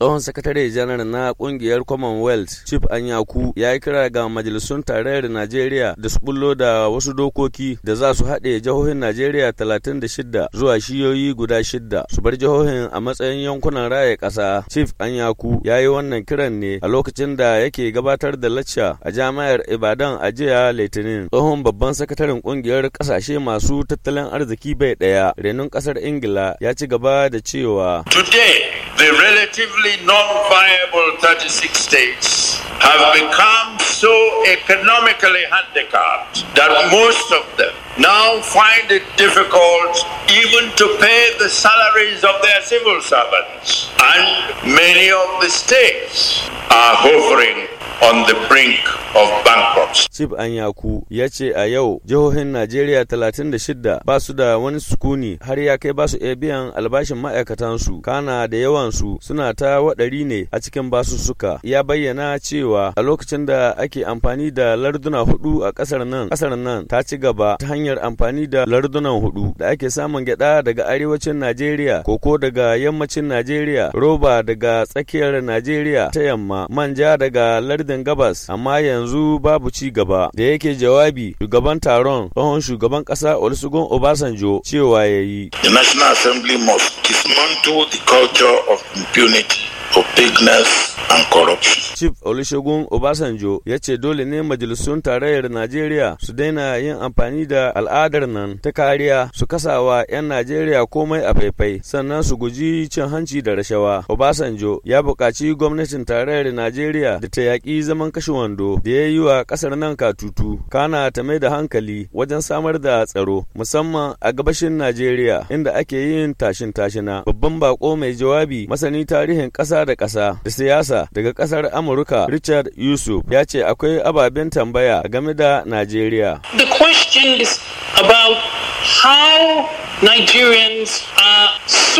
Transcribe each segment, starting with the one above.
Tsohon sakatare janar na kungiyar Commonwealth Chief Anyaku ya yi kira ga majalisun tarayyar Najeriya da su bullo da wasu dokoki da za su haɗe jihohin Najeriya 36 zuwa shiyoyi guda shidda su bar jihohin a matsayin yankunan raya ƙasa. Chief Anyaku ya yi wannan kiran ne a lokacin da yake gabatar da lacca a jami'ar Ibadan a jiya Litinin. Tsohon babban sakataren kungiyar ƙasashe masu tattalin arziki bai ɗaya renon ƙasar Ingila ya ci gaba da cewa. Today, the relatively non-viable 36 states have become so economically handicapped that most of them now find it difficult even to pay the salaries of their civil servants. And many of the states are hovering on the brink of bankruptcy. Chief Anyaku ya ce a yau jihohin Najeriya 36 ba su da wani sukuni har ya kai ba su iya biyan albashin ma'aikatansu kana da yawansu suna ta waɗari ne a cikin suka. Ya bayyana cewa a lokacin da ake amfani da larduna hudu a ƙasar nan, ƙasar nan ta ci gaba ta hanyar amfani da lardunan hudu da ake samun gyada daga arewacin Najeriya, koko daga yammacin Najeriya, roba daga tsakiyar Najeriya ta yamma, manja daga lardunan lardin gabas amma yanzu babu ci gaba da yake jawabi shugaban taron tsohon shugaban kasa olusegun obasanjo cewa ya yi the national assembly must dismantle the culture of impunity opaqueness and corruption. Chief Olusegun Obasanjo ya ce dole ne majalisun tarayyar Najeriya su daina yin amfani da al'adar nan ta kariya su kasawa 'yan Najeriya komai a faifai sannan su guji cin hanci da rashawa. Obasanjo ya buƙaci gwamnatin tarayyar Najeriya da ta yaƙi zaman kashe wando da ya yi wa ƙasar nan katutu. Kana ta mai da hankali wajen samar da tsaro musamman a gabashin Najeriya inda ake yin tashin-tashina. Babban bako mai jawabi masani tarihin ƙasa da ƙasa da siyasa daga ƙasar Amurka Richard Yusuf ya ce akwai ababen tambaya game da Najeriya. The question is about how Nigerians are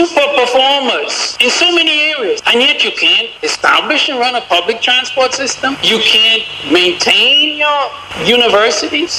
super performers in so many areas, and yet you can't establish and run a public transport system. You can't maintain your universities.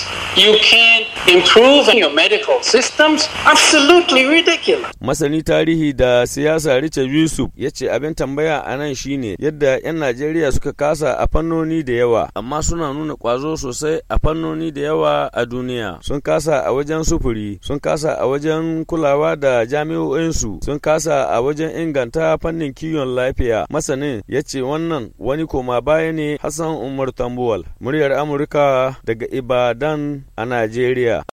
You can't improve your medical systems. Absolutely ridiculous. Masani tarihi da siyasa Richard Yusuf ya ce abin tambaya a nan shine yadda 'yan Najeriya suka kasa a fannoni da yawa, amma suna nuna kwazo sosai a fannoni da yawa a duniya. Sun kasa a wajen sufuri, sun kasa a wajen kulawa da jami'o'insu, sun kasa a wajen inganta fannin kiwon lafiya masanin ya ce wannan wani koma baya ne hassan umar tambuwal muryar amurka daga ibadan a najeriya